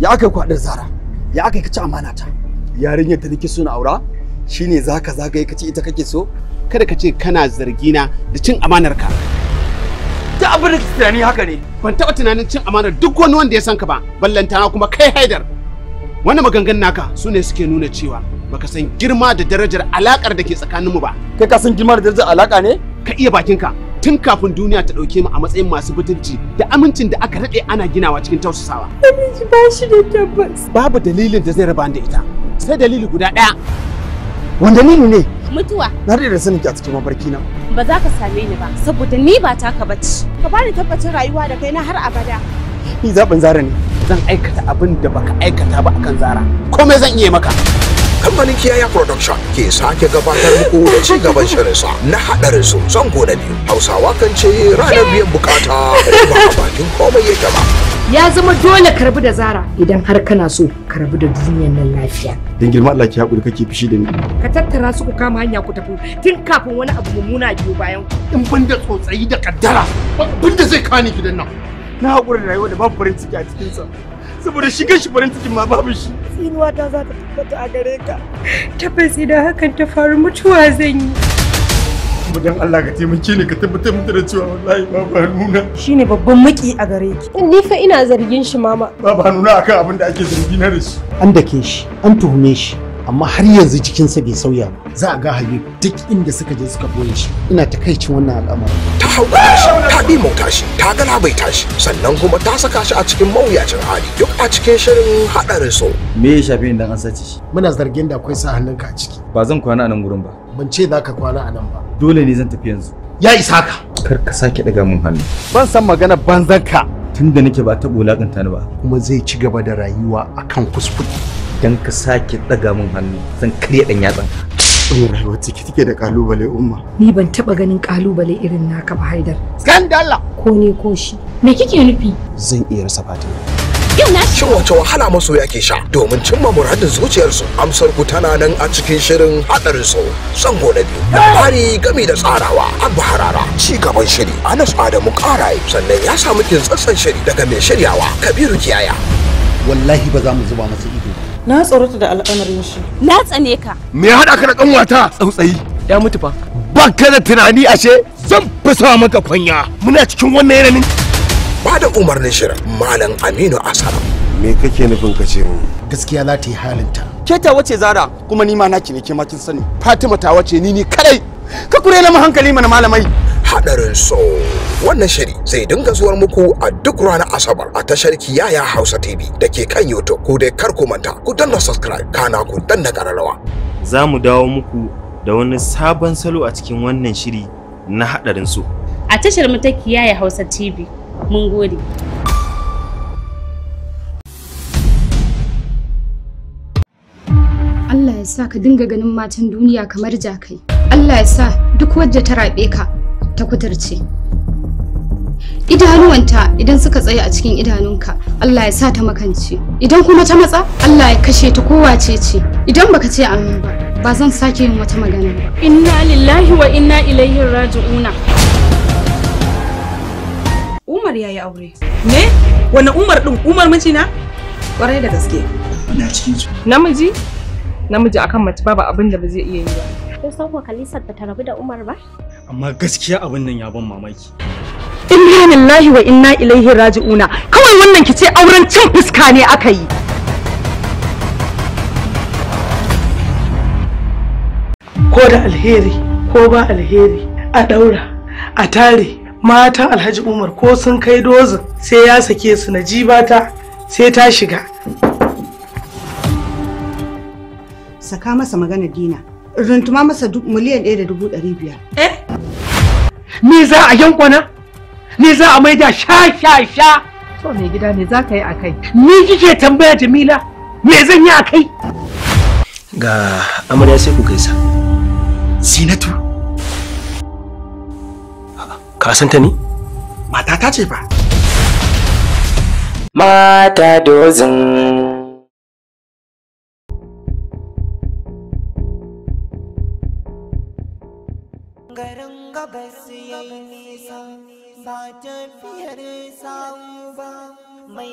ya aka yi zara ya aka yi amana ta yarinyar ta nake so na aura shine zaka yi kici ita kake so kada ka ce kana zargi na da cin amanar ka ta abin da tunani haka ne ban taba tunanin cin amanar duk wani wanda ya san ka ba ballantana kuma kai haidar wani maganganun naka su ne suke nuna cewa baka san girma da darajar alakar da ke tsakaninmu ba kai ka san girma da darajar alaka ne ka iya bakinka tun kafin duniya ta ɗauke mu a matsayin masu butulci da amincin da aka daɗe ana ginawa cikin tausasawa. Namiji ba shi da tabbas. Babu dalilin da zai raba da ita. Sai dalili guda ɗaya. Wanda nini ne? Mutuwa. Na da sanin ki a cikin mabarki na. Ba za ka same ni ba saboda ni ba taka bace. Ka bani tabbacin rayuwa da kai na har abada. Ni zaɓin Zara ne. Zan aikata abin da baka aikata ba akan Zara. Komai zan iya maka. kamfanin kiyaya production ke sake gabatar muku da ci gaban shirinsa na haɗarin su zan gode biyu hausawa kan ce ranar biyan bukata da ba a bakin komai yake ba ya zama dole karbi da zara idan har kana so karbi da duniyar nan lafiya dan girma Allah ki hakuri kake fishi da ni ka tattara su ku kama hanya ku tafi tun kafin wani abu mummuna biyo bayan ku. in ban da tsotsayi da kaddara ban da zai kani gidan nan na hakuri da rayuwa da babu farin ciki a cikin sa saboda shigar shi farin cikin ma babu shi sinuwa ta za ta tabbata a gare ka tabbas idan hakan ta faru mutuwa zan yi kuma dan Allah ka taimake ni ka tabbatar mutu da cewa wallahi babu hanuna shine babban maki a gare ki ni fa ina zargin shi mama babu hanuna akan abin da ake zargi na da shi an dake shi an tuhume shi amma har yanzu cikinsa bai sauya ba za a ga habib duk inda suka je suka boye shi ina takaicin wannan al'amari ta hau shi ta ɗimauta kashi ta bai tashi sannan kuma ta saka shi a cikin mawuyacin hali duk a cikin shirin hadarin so me ya shafi inda an sace shi muna zargin da akwai sa hannunka a ciki ba zan kwana a nan gurin ba ban ce za ka kwana a nan ba dole ne zan tafi yanzu ya isa ka kar ka sake daga mun hannu ban san magana banzanka tunda nake ba ta wulaƙanta ni ba kuma zai ci gaba da rayuwa akan kuskure idan ka sake ɗaga min hannu zan karya ɗan yatsan ka. Tsoron rayuwar ciki take da kalubale umma. Ni ban taɓa ganin kalubale irin naka ba Haidar. Skandala! Ko ne ko shi. Me kike nufi? Zan iya rasa Fatima. Yau na shi wace wahala masoya ke sha domin cimma muradin zuciyarsu. Amsar ku tana nan a cikin shirin haɗarin so. Son na biyu. Labari gami da tsarawa. Abba Harara ci gaban shiri. Anas Adamu Karaye sannan ya samu kintsatsen shiri daga mai shiryawa Kabiru Kiyaya. Wallahi ba za mu zuba masa ido ba. Na tsorata da al'amarin shi. Na tsane ka. Me ya haɗa ka da ƙanwata? Tsautsayi. Ya mutu fa. Ba da tunani ashe zan fasa maka kwanya. Muna cikin wannan yanayin. Ba da umarnin shirin Malam Aminu asar. Me kake nufin ka ce mu? Gaskiya za ta yi halinta. Ke ta wace Zara kuma ni ma naki ne ke ma kin sani. Fatima ta wace ni ni kadai. Ka kure na mu hankali mana malamai. hadarin so wannan shiri zai dinga zuwar muku a duk ranar asabar a tashar kiyaya hausa tv da ke kan youtube ko dai kar ku manta ku danna subscribe kana ku danna kararrawa za mu dawo muku da wani sabon salo a cikin wannan shiri na hadarin so a tashar mu ta kiyaya hausa tv mun gode Allah ya sa ka dinga ganin matan duniya kamar jakai. Allah ya sa duk wadda ta raɓe ka ta kuturce idanuwanta idan suka tsaye a cikin idanunka Allah ya sa ta makance idan kuma ta matsa Allah ya kashe ta kowace ce idan baka ce amin ba ba zan sake yin wata magana ba inna lillahi wa inna ilaihi raji'una Umar yayi aure me wani Umar din Umar na kwarai da gaske ina cikin su namiji namiji akan mace babu abin da ba zai iya yi ba ko san ko Khalisat ta rabu da Umar ba amma gaskiya abin nan ya ban mamaki inna lillahi wa inna ilaihi raji'una kawai wannan ki ce auren cin fuska ne aka yi ko da alheri ko ba alheri a daura a tare matan alhaji umar ko sun kai dozin sai ya sake su na jibata sai ta shiga saka masa magana dina runtuma masa miliyan ɗaya da dubu ɗari biyar. Eh? Ni za a yankwana? Ni za a maida sha sha sha? So mai gida me za ka yi a kai? Ni kike tambaya Jamila me zan yi a kai? Ga amarya sai ku gaisa. Zinatu. Ka san ta ni? ta ce fa. Mata dozin.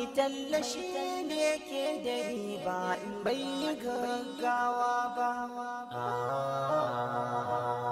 mai tallashi ne ke da riba in bai gaggawa ba. Ah.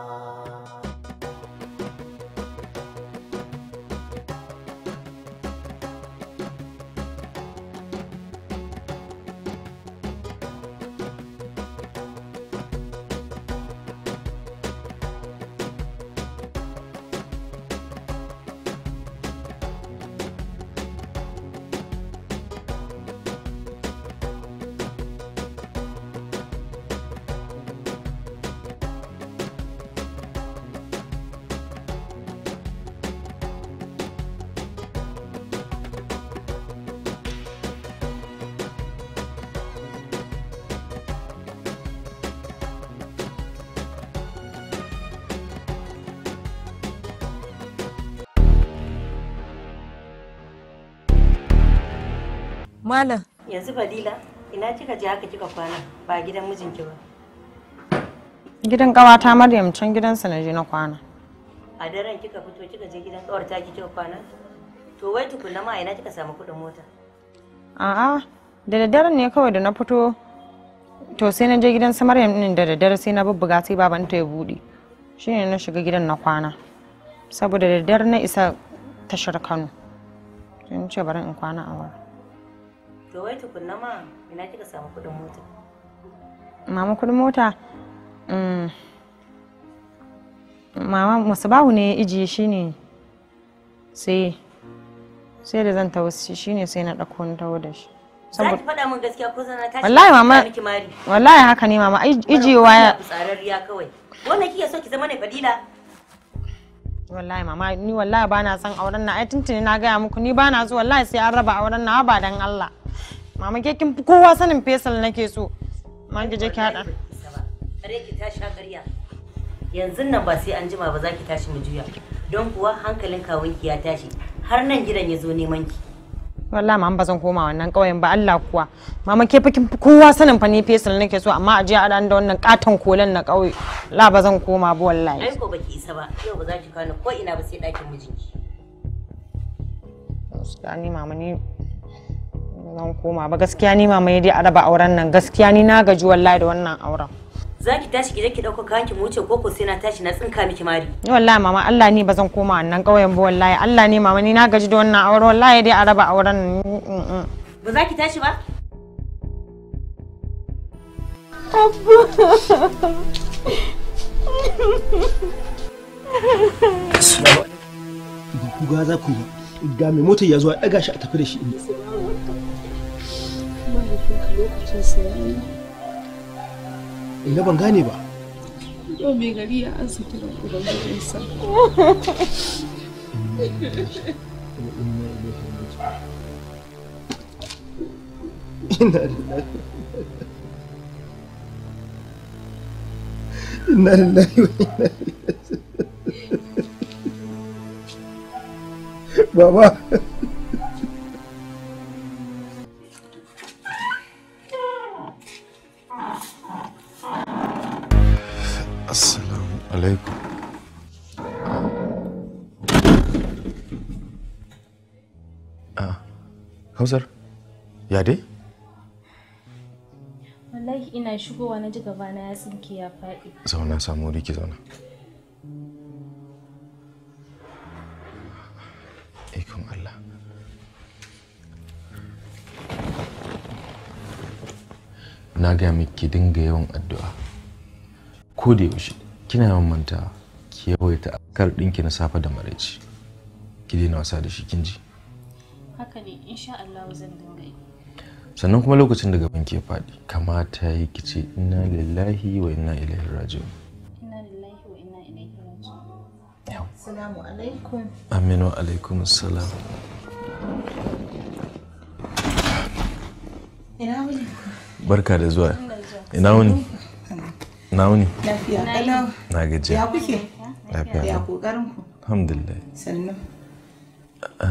Malam. Yanzu Fadila, ina kika je haka kika kwana ba gidan mijinki ba. Gidan ƙawata Maryam can gidansa na je na kwana. A daren kika fito kika je gidan ƙawarta ta kike kwana? To wai tukunna ma ina kika samu kuɗin mota? A'a, da daren ne kawai da na fito to sai na je gidan su Maryam din da daddare sai na bubbuga sai babanta ya buɗe. Shine na shiga gidan na kwana. Saboda daddare na isa tashar Kano. Sai ce bari in kwana a wurin. To wai tukunna ma ina kika samu kuɗin mota? Mama kuɗin mota? Mm. Mama Musubahu ne iji shi ne sai sai da zan tausi shi ne sai na ɗauko na tawo da shi. Za ki faɗa min gaskiya ko zana tashi wallahi mama wallahi haka ne mama ijiyewa ya tsararriya kawai. Wannan kike so ki zama ne fadila? wallahi mama ni wallahi bana san auren na ai tuntuni na gaya muku ni bana so wallahi sai an raba auren na ba dan Allah Mama ke kin kowa sanin fesal nake so. Ma ki je ki hada. Bare ki tashi hankariya. Yanzu nan ba sai an jima ba za ki tashi mu juya. Don kuwa hankalin kawunki ya tashi har nan gidan ya zo neman ki. Wallah mama ba zan koma wannan ƙauyen ba Allah kuwa. Mama ke fi kin kowa sanin fa ni fesal nake so amma a je a dan da wannan katon kolan na ƙauye. La ba zan koma ba wallahi. Ai ko baki isa ba. Yau ba za ki kano ko ina ba sai ɗakin mijinki. Gaskiya mama ni zan koma ba gaskiya ni mama dai araba auren nan gaskiya ni na gaji wallahi da wannan auren za ki tashi ki je ki dauka kayan mu wuce koko sai na tashi na tsinka miki mari ni wallahi mama Allah ni ba zan koma wannan kauyen ba wallahi Allah ni mama ni na gaji da wannan auren wallahi dai araba auren nan ba za ki tashi ba Assalamu ku ga za ku yi. Ga mai motar ya zo a ɗaga shi a tafi da shi inda. kafin eh, a lokacin sayayya. Ina ban gane ba. Yau mai gari ya azuta da Ina Baba Hausar, ya dai? Wallahi ina shigowa na ji gabana ya tsinke ya faɗi. Zauna samu wuri ki zauna. Ikon Allah. Na gaya miki dinga yawan addu'a. Ko da yaushe kina yawan mantawa ki yawaita kar ɗinki na safe da maraici. Ki daina wasa da shi kin ji. haka ne insha Allah zan dinga yi sannan kuma lokacin da gaban ke faɗi kamata ya ki ce inna lillahi wa inna ilaihi raji'un inna lillahi wa inna ilaihi raji'un assalamu alaikum aminu wa alaikum assalam ina wuni barka da zuwa ina wuni ina wuni lafiya na gajiya ya kuke lafiya ya kokarin ku alhamdulillah sannan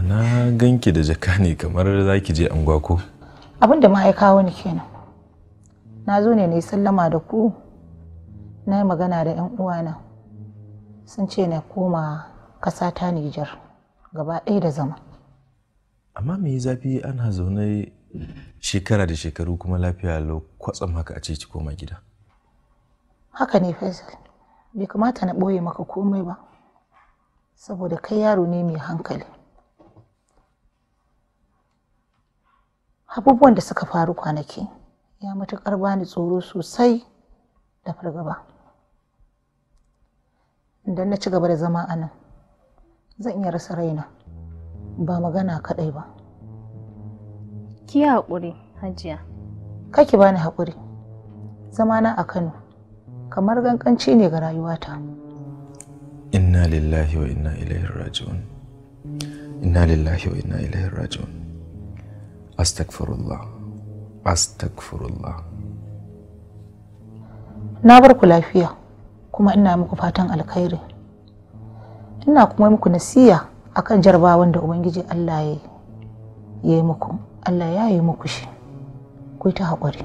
na ganki da jaka ne kamar za ki je anguwa ko abin da ma'aika wani kenan na zo ne na yi sallama da ku na yi magana da 'yan uwana sun ce na koma ƙasa ta nijar gaba ɗaya da zama amma me zafi ana zaune shekara da shekaru kuma lafiya lau kwatsam haka a ce ci koma gida haka ne faisal bai kamata na ɓoye maka komai ba saboda kai yaro ne mai hankali abubuwan da suka faru kwanaki ya matuƙar bani tsoro sosai da fargaba idan na ci gaba da zama a nan zan iya rasa raina ba magana kaɗai ba ki haƙuri hajiya kaki bani haƙuri na a kano kamar gankanci ne ga rayuwata inna lillahi wa inna ilaihi raji'un inna lillahi wa inna ilaihi raji'un Astagfirullah. Astagfirullah. Na bar ku lafiya kuma ina muku fatan alkhairi. Ina kuma muku nasiya akan jarbawan da Ubangiji Allah ya yi muku. Allah ya yi muku shi. Ku ta haƙuri.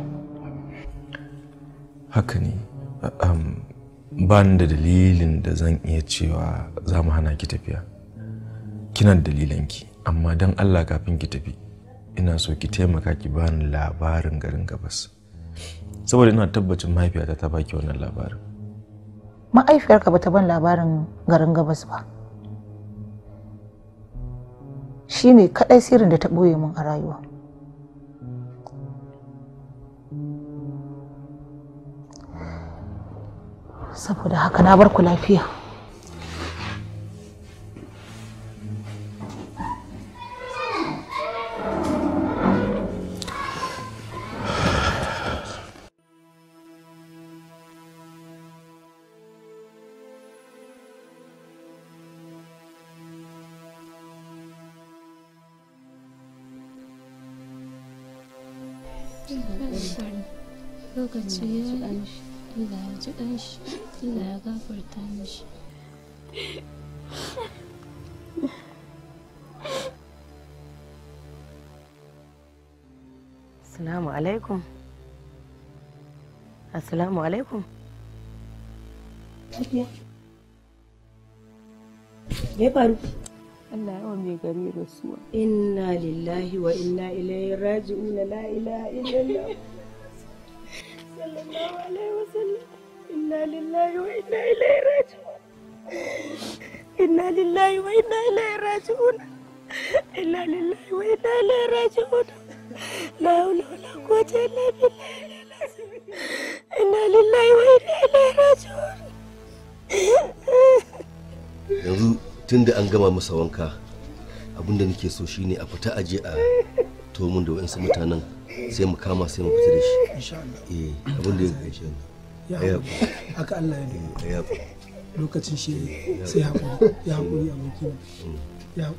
Haka ne. Um, ban da dalilin da zan iya cewa za mu hana ki tafiya. Kina dalilanki, amma don Allah kafin ki tafi. ina so ki taimaka ki bani labarin garin gabas saboda ina tabbacin mahaifiyata ta baki wannan labarin ma'aifiyarka ba ta ban labarin garin gabas ba shi ne kaɗai sirrin da ta ɓoye min a rayuwa saboda haka na bar ku lafiya lokaci ya Allah ya ji ƙanshi Allah ya gafarta mishi Assalamu alaikum Assalamu alaikum Ya faru? اللهم يا جرير يسوع انا لله وانا اليه راجعون لا اله الا الله صلى الله عليه وسلم انا لله وانا اليه راجعون انا لله وانا اليه راجعون انا لله وانا اليه راجعون لا حول ولا قوه الا بالله انا لله وانا اليه راجعون tunda an gama masa wanka abinda nake so shine a fita aje a tomin da wa'insu mutanen sai mu kama sai mu fita da shi eh abinda ya gaishe haka Allah ya eh, ya lokacin shi eh, sai ya ya ya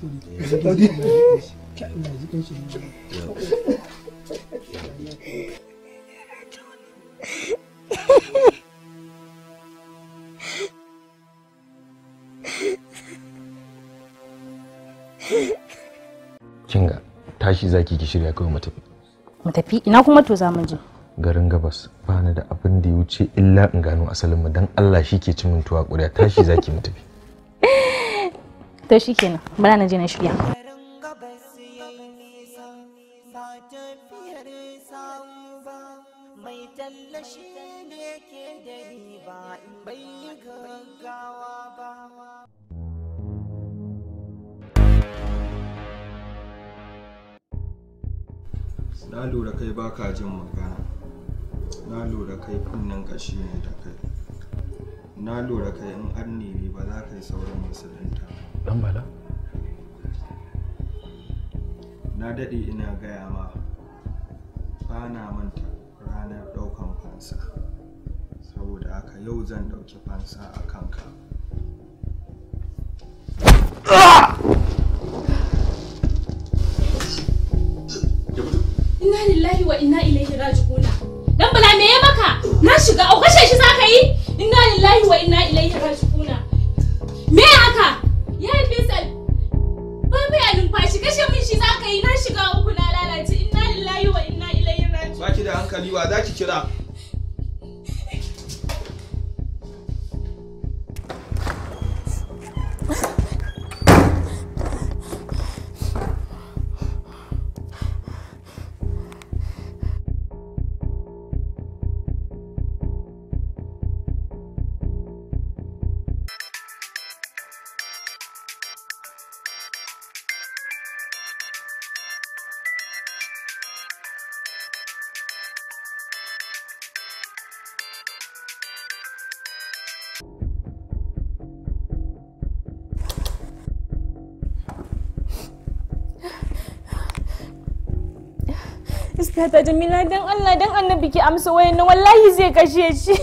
ya tashi zaki ki shirya kawai mu tafi ina kuma to za mu je garin gabas ba ni da abin da ya wuce illa in gano asalin mu dan Allah shi ke cin mintuwa ƙuriya tashi zaki mu tafi to shikenan bana na je na shirya na lura kai baka jin magana na lura kai kunnen ƙashi ne da kai na lura kai in an nemi ba za ka yi sauran musulunta dan bala na daɗe ina gaya ma ba na manta ranar ɗaukan fansa saboda aka yau zan ɗauki fansa a kanka lillahi wa inna ilaihi raji'una dan bala me ya maka na shiga au kashe shi zaka yi inna lillahi wa inna ilaihi raji'una me haka ya fisal ba mai a numfashi kashe min shi zaka yi na shiga uku na lalace inna lillahi wa inna ilaihi raji'una baki da hankali wa zaki kira ta Jamila dan Allah dan annabi ki amsa wayan na wallahi zai kashe shi.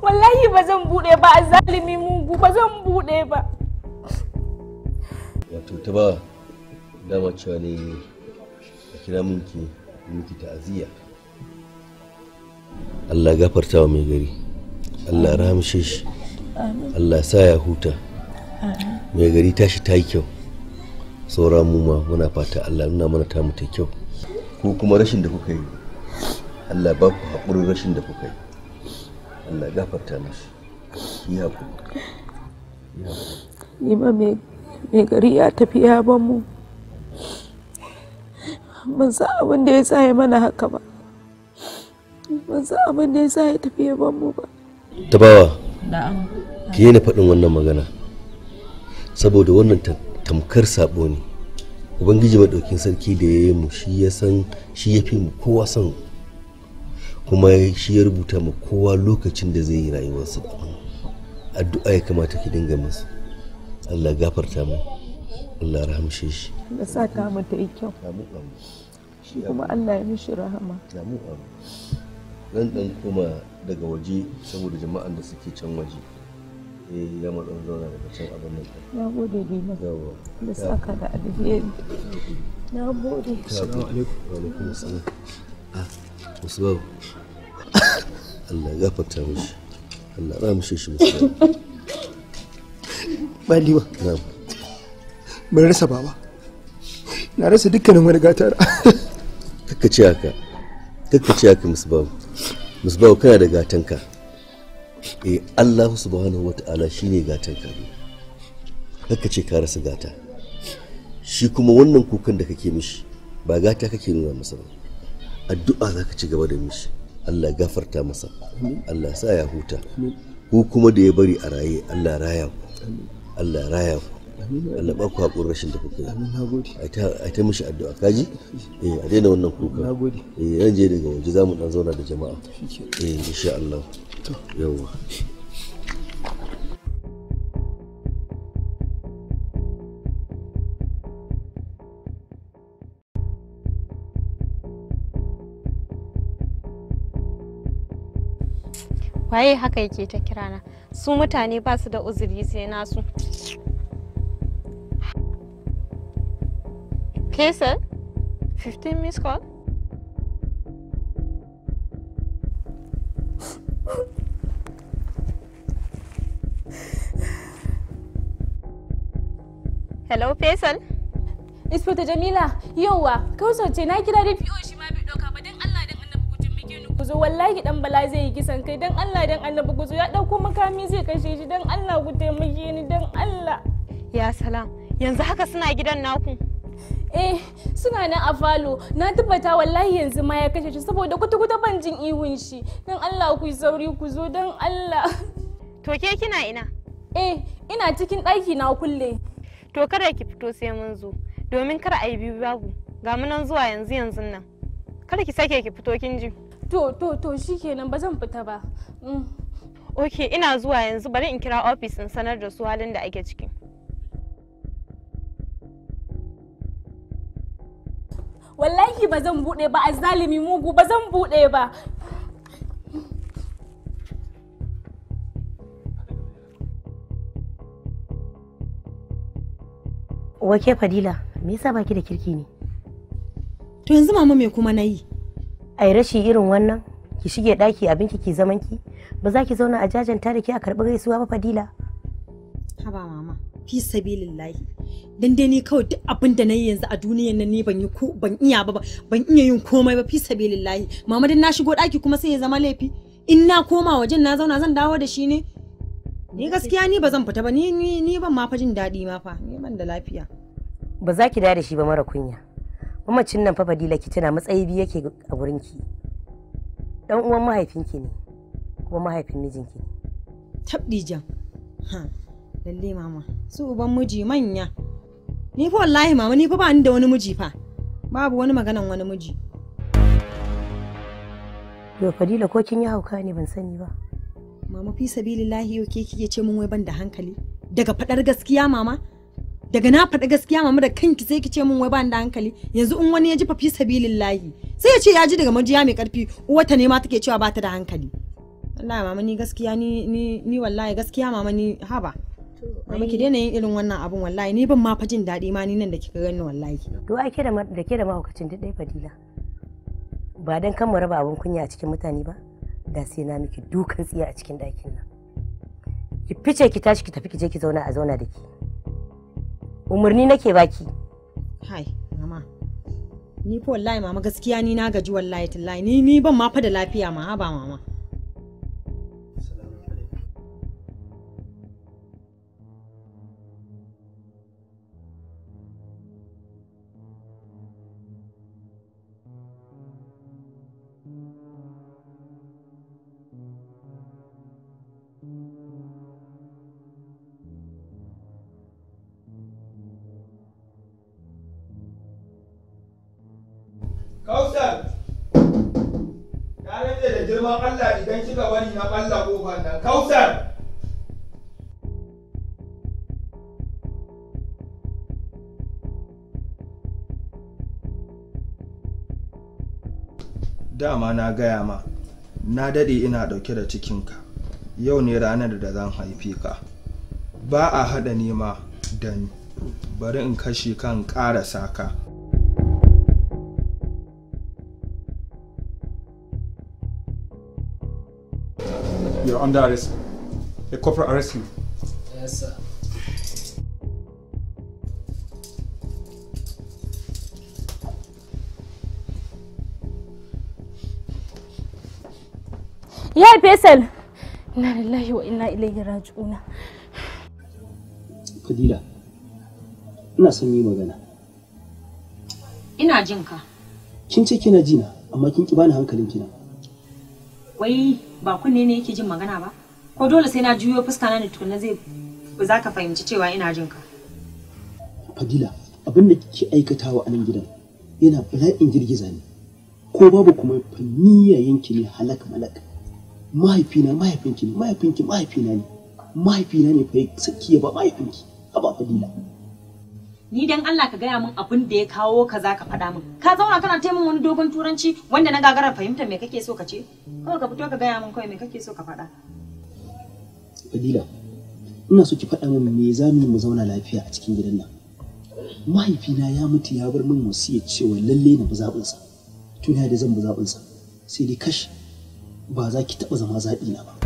Wallahi ba zan bude ba a zalimi mugu ba zan bude ba. Wato ta ba dama cewa ne a kira minki miki ta'aziyya. Allah gafarta wa mai gari. Allah rahamshe shi. Allah sa ya huta mai gari tashi ta yi kyau sauran mu ma muna fata Allah nuna mana ta mutu kyau ko kuma rashin da kuka yi Allah ba ku haƙurin rashin da kuka yi Allah gafarta mashi ya ku ni ma mai gari ya tafi ya ban mu ban san abin da ya sa ya mana haka ba ban san abin da ya sa ya tafi ya ban mu ba tabawa ki na faɗin wannan magana saboda wannan tamkar sabo ne ubangiji maɗaukin sarki da ya yi mu shi ya san shi ya fi mu kowa san kuma shi ya rubuta mu kowa lokacin da zai yi rayuwarsa addu'a ya kamata ki dinga masa allah gafarta mu allah rahamshe shi da sa kama ta yi kyau kuma allah ya mishi rahama dan dan koma daga waje saboda jama'an da suke can waje eh ya mu dan zauna daga can abin nan na gode dai na yawa da saka da alheri na gode assalamu alaikum wa alaikum assalam ah musuwa Allah ya fata mishi Allah ya mishi shi musuwa baliwa na'am ban rasa baba na rasa dukkanin wani gatara kakka ce haka kakka ce haka musu babu musbawa kana da gatanka eh Allah subhanahu wata'ala shine gatanka haka ce ka rasa gata shi kuma wannan kukan da kake mishi ba gata kake nuna masa ba addu'a za ka ci gaba da mishi Allah gafarta masa Allah sa ya huta ko kuma da ya bari a raye Allah raya ku Allah raya ku Allah ba ku haƙurin rashin da kuka yi a ta mishi addu'a kaji eh a daina wannan kuka eh yan je daga waje za mu dan zauna da jama'a eh insha Allah yawwa waye haka yake ta kirana su mutane ba su da uzuri sai nasu Okay, sir. 15 minutes call. Hello, Faisal. Isfata Jamila, yauwa, kausar ce na kira da fiyo shi ma bai ɗauka ba don Allah don annabi gujin muke ni guzo wallahi dan bala zai yi kisan kai don Allah don annabi guzo ya dauko makami zai kashe shi don Allah ku taimake ni don Allah. Ya salam, yanzu haka suna gidan naku. eh suna nan a falo na tabbata wallahi yanzu ma ya kashe shi saboda kuta-kuta ban jin ihun shi don allah ku yi sauri ku zo don allah to ke kina ina eh ina cikin ɗaki na kulle to kada ki fito sai mun zo domin kar a yi biyu babu ga nan zuwa yanzu yanzu nan kada ki sake ki fito kin ji to to to shikenan ba zan fita ba mm. ok ina zuwa yanzu bari in kira ofis in sanar da su halin da ake ciki wallahi ba zan bude ba a zalimi mugu ba zan bude ba wake fadila me yasa baki da kirki ne to yanzu mama me kuma nayi ai rashi irin wannan ki shige daki abinki ki zaman ki ba za ki zauna a jajanta da ki a karbi gaisuwa ba fadila haba mama fi sabilillahi dan dai ni kawai duk abin da nayi yanzu a duniyar nan ni ban yi ko ban iya ba ban iya yin komai ba fi sabilillahi mama dan na shigo daki kuma sai ya zama laifi in na koma wajen na zauna zan dawo da shi ne ni gaskiya ni ba zan fita ba ni ni ban ma fa jin daɗi ma fa ni ban da lafiya ba za ki dawo da shi ba mara kunya mamacin nan fa fadila ki tana matsayi biyu yake a gurin ki dan uwan mahaifinki ne kuma mahaifin mijinki tabdijan ha lalle mama su uban miji manya ni fa wallahi mama ni fa ba ni da wani miji fa babu wani maganan wani miji yo fadila ko kin yi hauka ne ban sani ba mama fi sabilillahi yau ke kike ce mun wai ban da hankali daga fadar gaskiya mama daga na faɗi gaskiya mama da kanki sai ki ce min wai ba da hankali yanzu in wani ya ji fafi sabilillahi sai ya ce ya ji daga majiya mai karfi ta ne ma take cewa ba ta da hankali wallahi mama ni gaskiya ni ni wallahi gaskiya mama ni haba Ba miki dena yin irin wannan abun wallahi ni ban ma fa jin daɗi ma ni nan da kika gani wallahi. To ai ke da da ke da mahaukacin duk ɗaya fadila. Ba dan kan mu raba abun kunya a cikin mutane ba da sai na miki dukan tsiya a cikin ɗakin nan. Ki fice ki tashi ki tafi ki je ki zauna a zauna da ke Umarni nake baki. Hai mama. Ni fa wallahi mama gaskiya ni na gaji wallahi tallahi ni ni ban ma fa da lafiya ma ba mama. Kausar, ya rage da girman Allah idan kika bari na balla ƙofar nan. Kausar! Dama na gaya ma, na dade ina ɗauke da cikinka, yau ne ranar da zan haife ka. Ba a haɗa nema da ni, bari in kashe kan ƙara saka. You're under arrest. The corporal arrest you. Yes, sir. Ya Faisal. Inna lillahi wa inna ilaihi raji'una. Kadila. Ina son yi magana. Ina jinka. ka. Kin ce kina jina, amma kin ki bani hankalin kina. wai ba kunne ne yake jin magana ba ko dole sai na juyo fuska na na zai ba za ka fahimci cewa ina jin ka fadila abin da kike aikatawa a nan gidan yana bala'in girgiza ne ko babu kuma fanniya yanki ne halak malak mahaifina mahaifinki ne mahaifinki mahaifina ne mahaifina ne fa ya saki ya ba mahaifinki ba fadila ni dan Allah ka gaya min abin da ya kawo ka za ka faɗa min ka zauna kana taimin wani dogon turanci wanda na gagara fahimta me kake so ka ce kawai ka fito ka gaya min kawai me kake so ka faɗa Fadila ina so ki faɗa min me za mu mu zauna lafiya a cikin gidan nan mahaifina ya mutu ya bar min wasiya cewa lalle na bi sa tun da zan bi sa sai dai kashi ba za ki taɓa zama zaɓina ba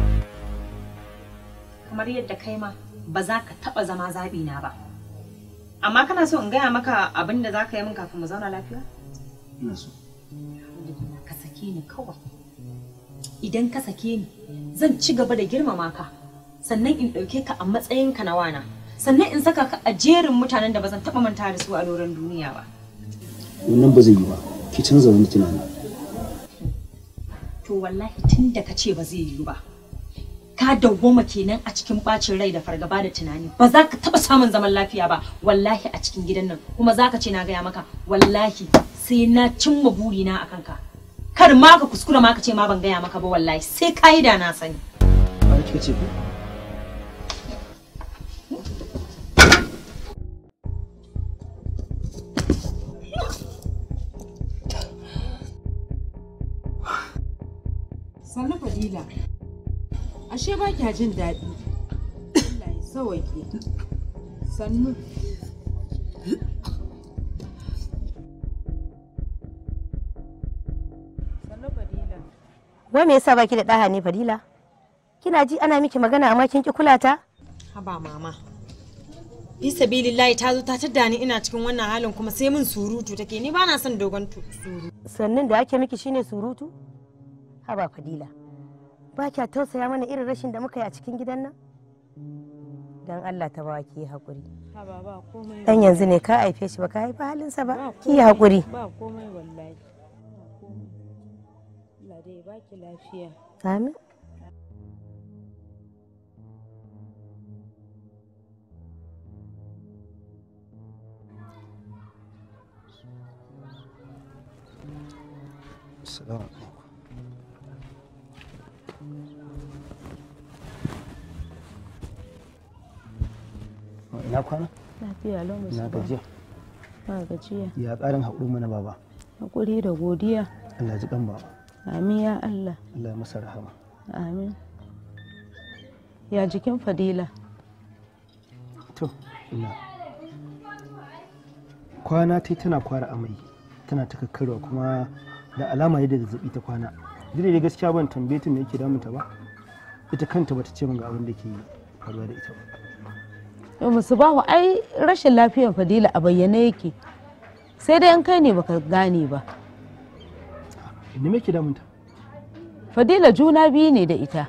kamar yadda kai ma ba za ka taɓa zama zaɓi na ba Amma kana so in gaya maka abin da za yi min kafin mu zauna lafiya? Ina so. Ka sake ni kawai. Idan ka sake ni, zan ci gaba da girmama ka. Sannan in ɗauke ka a matsayin ka na wana. Sannan in saka ka a jerin mutanen da ba zan taɓa manta da su a loran duniya ba. Wannan ba zai yi ba. Ki canza wani tunani. To wallahi tun da ka ce ba zai yi ba. ka dawwama kenan a cikin bacin rai da fargaba da tunani ba za ka taba samun zaman lafiya ba wallahi a cikin gidan nan kuma za ka ce na gaya maka wallahi sai na cimma burina a kanka kar ma ka kuskura ma ka ce ma ban gaya maka ba wallahi sai ka'ida na sani. Ba kika ce ba? ke ba kya jin daɗi Allah ya sawaƙe sannu Wa me yasa baki da ɗaha ne Fadila? Kina ji ana miki magana amma kin ki kula ta? Haba mama. Bi sabilillahi ta zo ta tadda ni ina cikin wannan halin kuma sai min surutu take ni ba na son dogon surutu. Sannan da ake miki shine surutu? Haba Fadila. ba kya tausaya mana irin rashin da muka yi a cikin gidan nan don Allah ta bawa ki haƙuri dan yanzu ne ka haife shi ba ka haifa halinsa ba ki yi haƙuri ba komai wallahi Allah dai ba ki lafiya amin Assalamu alaikum. Oh, ina kwana? Lafiya lau musu. Ina gajiya. Ba gajiya. Ya ƙarin haƙuri mana baba. Haƙuri da godiya. Allah ji kan baba. Amin ya Allah. Allah ya masa rahama. Amin. Ya jikin Fadila. To, ina. Kwana tai tana kwara amai. Tana ta kakkarwa kuma da alama yadda zazzabi ta kwana. dai da gaskiya ban tambaye ta me yake damunta ba ita kanta bata ce min ga abin da ke faruwa da ita ba musu bahu ai rashin lafiyar fadila a bayyane yake sai dai an kai ne baka gane ba me yake damunta fadila juna biyu ne da ita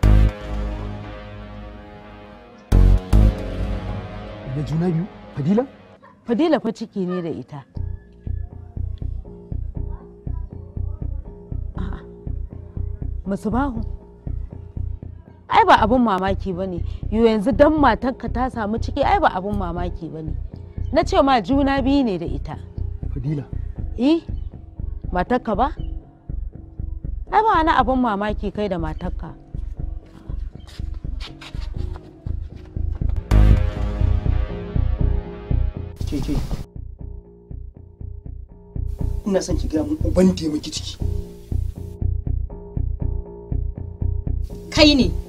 da juna biyu fadila fadila fa ciki ne da ita masu bahu Ai ba abun mamaki ba ne, yanzu dan matarka ta samu ciki ai ba abun mamaki ba ne. Na ce ma juna biyu ne da ita. Fadila. Eh, matarka ba? Ai ba wani abun mamaki kai da matarka. ce-ce Ina son ki gaya mun uban taimaki ciki. kai ne